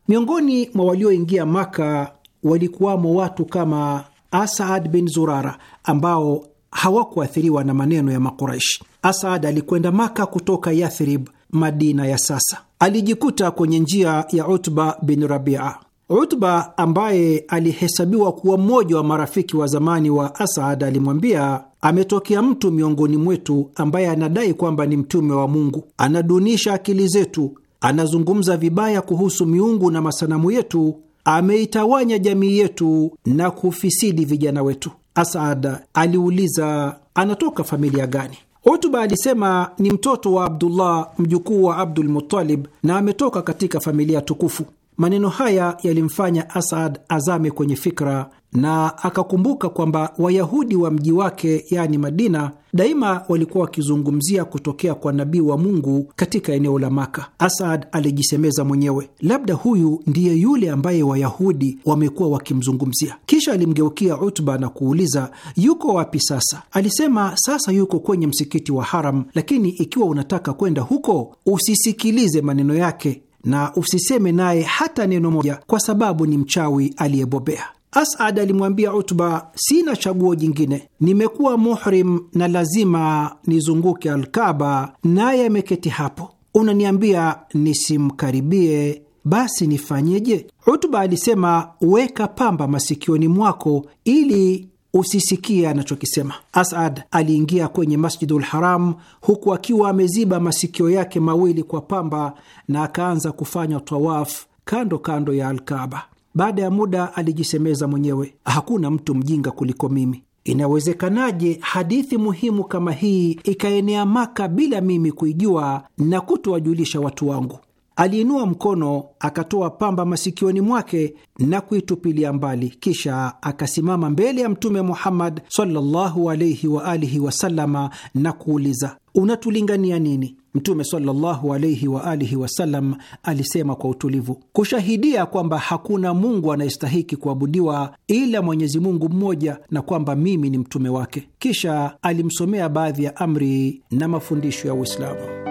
S7: Miongoni mwa walioingia Maka walikuwamo watu kama Asad bin Zurara ambao hawakuathiriwa na maneno ya Makuraishi. Asad alikwenda Maka kutoka Yathrib, Madina ya sasa. Alijikuta kwenye njia ya Utba bin Rabia. Utba ambaye alihesabiwa kuwa mmoja wa marafiki wa zamani wa Asad alimwambia, ametokea mtu miongoni mwetu ambaye anadai kwamba ni mtume wa Mungu, anadunisha akili zetu, anazungumza vibaya kuhusu miungu na masanamu yetu, ameitawanya jamii yetu na kufisidi vijana wetu. Asad aliuliza, anatoka familia gani? Utuba alisema ni mtoto wa Abdullah, mjukuu wa Abdul Muttalib, na ametoka katika familia tukufu. Maneno haya yalimfanya Asad azame kwenye fikra na akakumbuka kwamba Wayahudi wa mji wake yaani Madina daima walikuwa wakizungumzia kutokea kwa nabii wa Mungu katika eneo la Maka. Asad alijisemeza mwenyewe, labda huyu ndiye yule ambaye Wayahudi wamekuwa wakimzungumzia. Kisha alimgeukia Utba na kuuliza, yuko wapi sasa? Alisema, sasa yuko kwenye msikiti wa Haram, lakini ikiwa unataka kwenda huko usisikilize maneno yake, na usiseme naye hata neno moja, kwa sababu ni mchawi aliyebobea. Asad alimwambia Utba, sina chaguo jingine, nimekuwa muhrim na lazima nizunguke Alkaba, naye ameketi hapo, unaniambia nisimkaribie, basi nifanyeje? Utba alisema, weka pamba masikioni mwako ili usisikie anachokisema. Asad aliingia kwenye Masjidul Haram huku akiwa ameziba masikio yake mawili kwa pamba na akaanza kufanya tawaf kando kando ya Alkaba. Baada ya muda alijisemeza mwenyewe, hakuna mtu mjinga kuliko mimi. Inawezekanaje hadithi muhimu kama hii ikaenea Maka bila mimi kuijua na kutowajulisha watu wangu? Aliinua mkono akatoa pamba masikioni mwake na kuitupilia mbali, kisha akasimama mbele ya Mtume Muhammad sallallahu wa alihi na kuuliza, unatulingania nini? Mtume sallallahu wa alihi wasallam alisema kwa utulivu, kushahidia kwamba hakuna Mungu anayestahiki kuabudiwa ila Mwenyezi Mungu mmoja na kwamba mimi ni mtume wake. Kisha alimsomea baadhi ya amri na mafundisho ya Uislamu.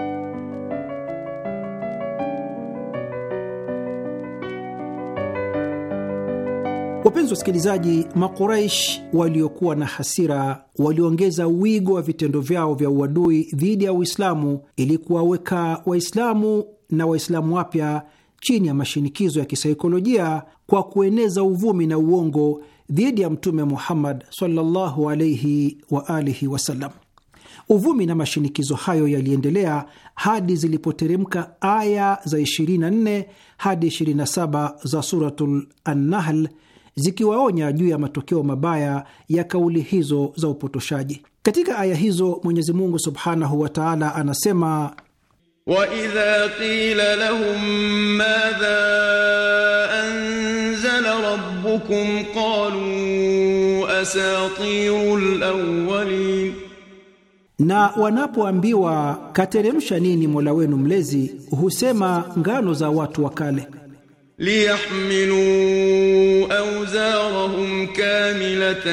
S7: Wapenzi wasikilizaji, Makuraish waliokuwa na hasira waliongeza wigo wa vitendo vyao vya uadui dhidi ya Uislamu ili kuwaweka Waislamu na Waislamu wapya chini ya mashinikizo ya kisaikolojia kwa kueneza uvumi na uongo dhidi ya Mtume Muhammad sallallahu alaihi wa alihi wasallam. Uvumi na mashinikizo hayo yaliendelea hadi zilipoteremka aya za 24 hadi 27 za Suratul Annahl zikiwaonya juu ya matokeo mabaya ya kauli hizo za upotoshaji. Katika aya hizo Mwenyezi Mungu subhanahu wa taala anasema
S3: waidha qila lahum madha anzala rabbukum qalu asatirul awwalin,
S7: na wanapoambiwa kateremsha nini mola wenu mlezi husema ngano za watu wa kale.
S3: ليحملوا أوزارهم كاملة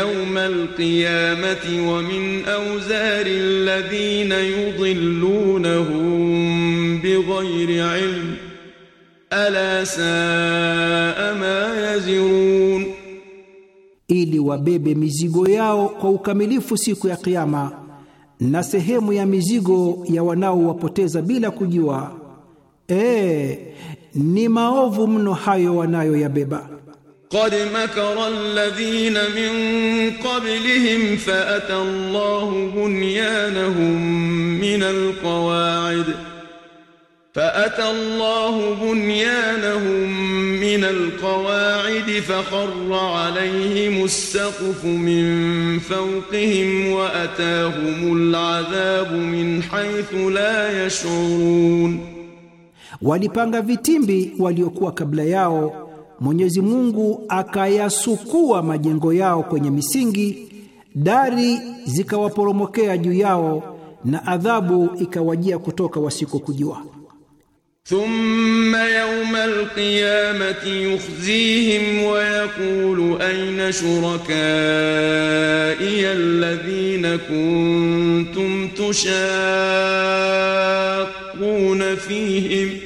S3: يوم القيامة ومن أوزار الذين يضلونهم بغير علم ألا ساء ما يزرون ili wabebe mizigo
S7: yao kwa ukamilifu siku ya Kiyama, na sehemu ya mizigo ya wanaowapoteza bila kujua. E, ni maovu mno hayo wanayoyabeba.
S3: قد مكر الذين من قبلهم فأتى الله بنيانهم من القواعد فأتى الله بنيانهم من القواعد فخر عليهم السقف من فوقهم وأتاهم العذاب من حيث لا يشعرون
S7: Walipanga vitimbi waliokuwa kabla yao, Mwenyezi Mungu akayasukua majengo yao kwenye misingi, dari zikawaporomokea juu yao, na adhabu ikawajia kutoka wasikokujua.
S3: Thumma yawma alqiyamati yukhzihim wa yaqulu ayna shurakai alladhina kuntum tushaqquna fihim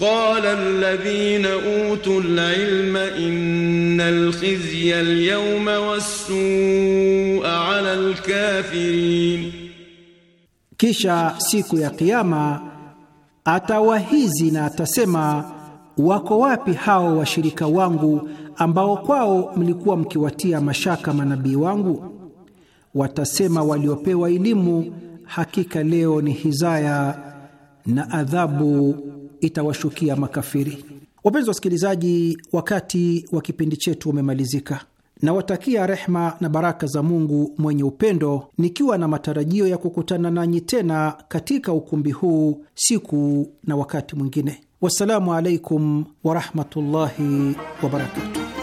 S3: قال الذين أوتوا العلم إن الخزي اليوم والسوء على الكافرين
S7: Kisha siku ya Kiyama atawahizi na atasema, wako wapi hao washirika wangu ambao kwao mlikuwa mkiwatia mashaka manabii wangu? Watasema waliopewa elimu, hakika leo ni hizaya na adhabu itawashukia makafiri. Wapenzi wasikilizaji, wakati wa kipindi chetu umemalizika. Nawatakia rehma na baraka za Mungu mwenye upendo, nikiwa na matarajio ya kukutana nanyi tena katika ukumbi huu siku na wakati mwingine. Wassalamu alaikum warahmatullahi wabarakatuh.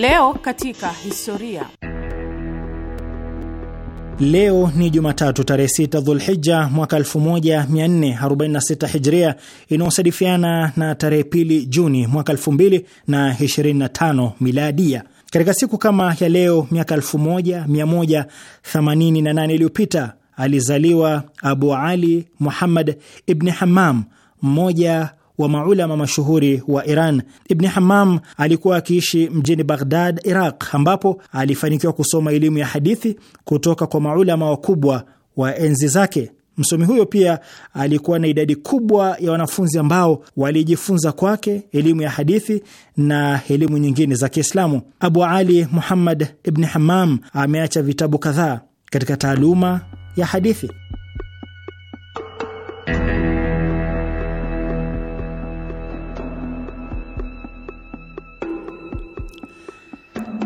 S5: Leo katika historia.
S1: Leo ni Jumatatu tarehe 6 Dhulhija mwaka 1446 Hijria, inayosadifiana na tarehe pili Juni mwaka 2025 Miladia. Katika siku kama ya leo miaka 1188 iliyopita alizaliwa Abu Ali Muhammad Ibni Hammam, mmoja wa maulama mashuhuri wa Iran. Ibni hamam alikuwa akiishi mjini Baghdad, Iraq, ambapo alifanikiwa kusoma elimu ya hadithi kutoka kwa maulama wakubwa wa enzi zake. Msomi huyo pia alikuwa na idadi kubwa ya wanafunzi ambao walijifunza kwake elimu ya hadithi na elimu nyingine za Kiislamu. Abu Ali Muhammad Ibni hamam ameacha vitabu kadhaa katika taaluma ya hadithi.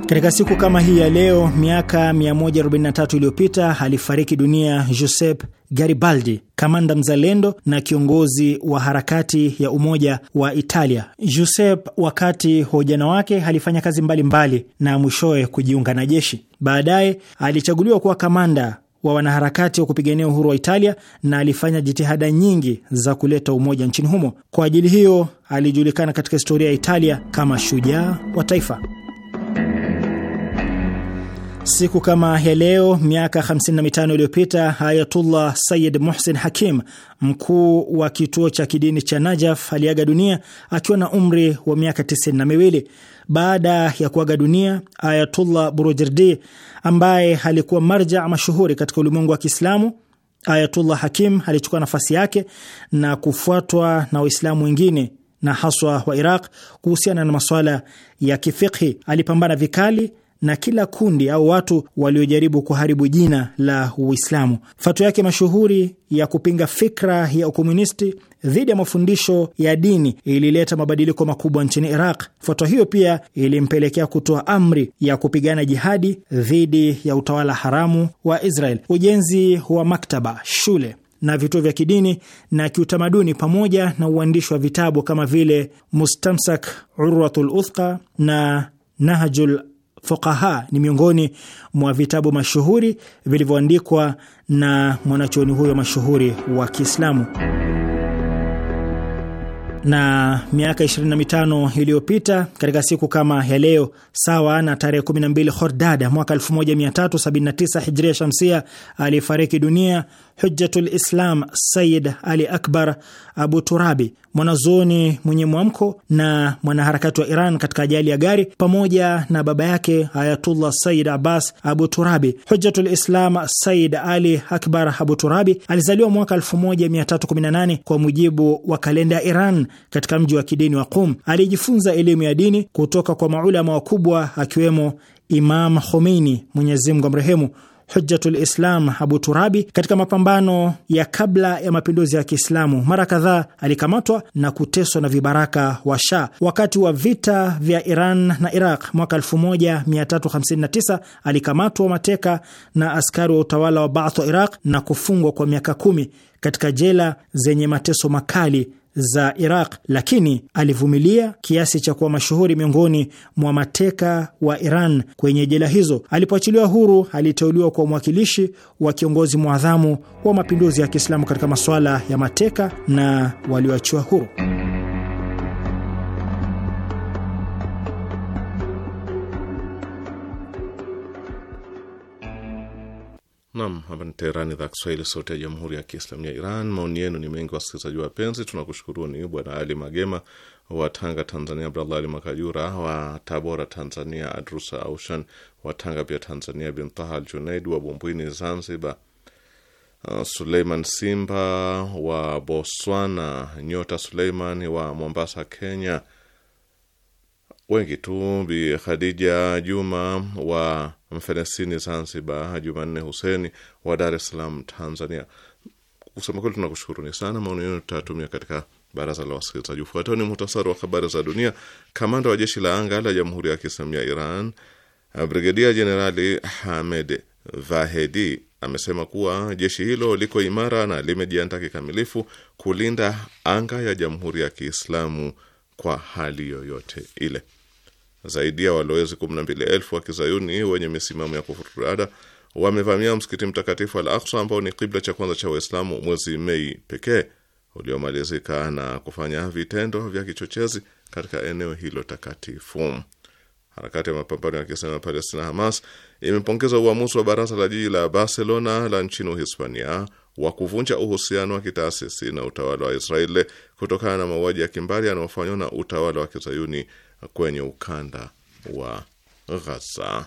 S1: Katika siku kama hii ya leo miaka 143 iliyopita alifariki dunia Giuseppe Garibaldi, kamanda mzalendo na kiongozi wa harakati ya umoja wa Italia. Giuseppe, wakati wa ujana wake, alifanya kazi mbalimbali mbali na mwishowe kujiunga na jeshi. Baadaye alichaguliwa kuwa kamanda wa wanaharakati wa kupigania uhuru wa Italia na alifanya jitihada nyingi za kuleta umoja nchini humo. Kwa ajili hiyo alijulikana katika historia ya Italia kama shujaa wa taifa. Siku kama ya leo miaka 55 iliyopita Ayatullah sayid Muhsin Hakim, mkuu wa kituo cha kidini cha Najaf, aliaga dunia akiwa na umri wa miaka tisini na miwili. Baada ya kuaga dunia Ayatullah Burujirdi, ambaye alikuwa marja mashuhuri katika ulimwengu wa Kiislamu, Ayatullah Hakim alichukua nafasi yake na kufuatwa na Waislamu wengine na haswa wa Iraq kuhusiana na masuala ya kifikhi. Alipambana vikali na kila kundi au watu waliojaribu kuharibu jina la Uislamu. Fatwa yake mashuhuri ya kupinga fikra ya ukomunisti dhidi ya mafundisho ya dini ilileta mabadiliko makubwa nchini Iraq. Fatwa hiyo pia ilimpelekea kutoa amri ya kupigana jihadi dhidi ya utawala haramu wa Israel. Ujenzi wa maktaba, shule na vituo vya kidini na kiutamaduni pamoja na uandishi wa vitabu kama vile Mustamsak Urwatul Uthqa na Nahjul Fuqaha ni miongoni mwa vitabu mashuhuri vilivyoandikwa na mwanachuoni huyo mashuhuri wa Kiislamu. Na miaka 25 iliyopita katika siku kama ya leo, sawa na tarehe 12 Khordada mwaka 1379 Hijria Shamsia, alifariki dunia Hujjatul Islam Sayyid Ali Akbar Abu Turabi, mwanazuoni mwenye mwamko na mwanaharakati wa Iran katika ajali ya gari, pamoja na baba yake Ayatullah said Abbas Abu Turabi. Hujjatul Islam Sayyid Ali Akbar Abu Turabi alizaliwa mwaka 1318 kwa mujibu wa kalenda ya Iran katika mji wa kidini wa Qum. Alijifunza elimu ya dini kutoka kwa maulama wakubwa akiwemo Imam Khomeini, Mwenyezi Mungu amrehemu. Hujjatul Islam Abu Turabi katika mapambano ya kabla ya mapinduzi ya Kiislamu. Mara kadhaa alikamatwa na kuteswa na vibaraka wa Shah. Wakati wa vita vya Iran na Iraq mwaka 1359 alikamatwa mateka na askari wa utawala wa Baath wa Iraq na kufungwa kwa miaka kumi katika jela zenye mateso makali za Iraq, lakini alivumilia kiasi cha kuwa mashuhuri miongoni mwa mateka wa Iran kwenye jela hizo. Alipoachiliwa huru, aliteuliwa kwa mwakilishi wa kiongozi mwadhamu wa mapinduzi ya Kiislamu katika masuala ya mateka na walioachiwa huru.
S4: Nam, hapa ni Teherani, idhaa Kiswahili, sauti ya jamhuri ya kiislamu ya Iran. Maoni yenu ni mengi, wasikilizaji wapenzi. Tunakushukuruni Bwana Ali Magema wa Tanga, Tanzania, Abdallah Ali Makajura wa Tabora, Tanzania, Adrusa Aushan wa Tanga pia Tanzania, Bintaha Al Junaid wa Bumbwini, Zanzibar, uh, Suleiman Simba wa Botswana, Nyota Suleiman wa Mombasa, Kenya, wengi tu. Bi Khadija Juma wa Mfenesini, Zanzibar. Jumanne Huseni wa Dar es Salaam, Tanzania. Kusema kweli, tunakushukuruni sana. Maoni yenu tutatumia katika baraza la wasikilizaji. Ufuatao ni muhtasari wa habari za dunia. Kamanda wa jeshi la anga la Jamhuri ya Kiislamu ya Iran Brigedia Jenerali Hamed Vahedi amesema kuwa jeshi hilo liko imara na limejiandaa kikamilifu kulinda anga ya Jamhuri ya Kiislamu kwa hali yoyote ile. Zaidi ya walowezi 12,000 wa kizayuni wenye misimamo ya kufurada wamevamia msikiti mtakatifu Al Aksa ambao ni kibla cha kwanza cha Waislamu mwezi Mei pekee uliomalizika na kufanya vitendo vya kichochezi katika eneo hilo takatifu. Harakati ya mapambano ya Kiislamu ya Palestina, Hamas, imepongeza uamuzi wa baraza la jiji la Barcelona la nchini Uhispania wa kuvunja uhusiano wa kitaasisi na utawala wa Israeli kutokana na mauaji ya kimbari yanayofanywa na utawala wa kizayuni kwenye ukanda wa Ghaza.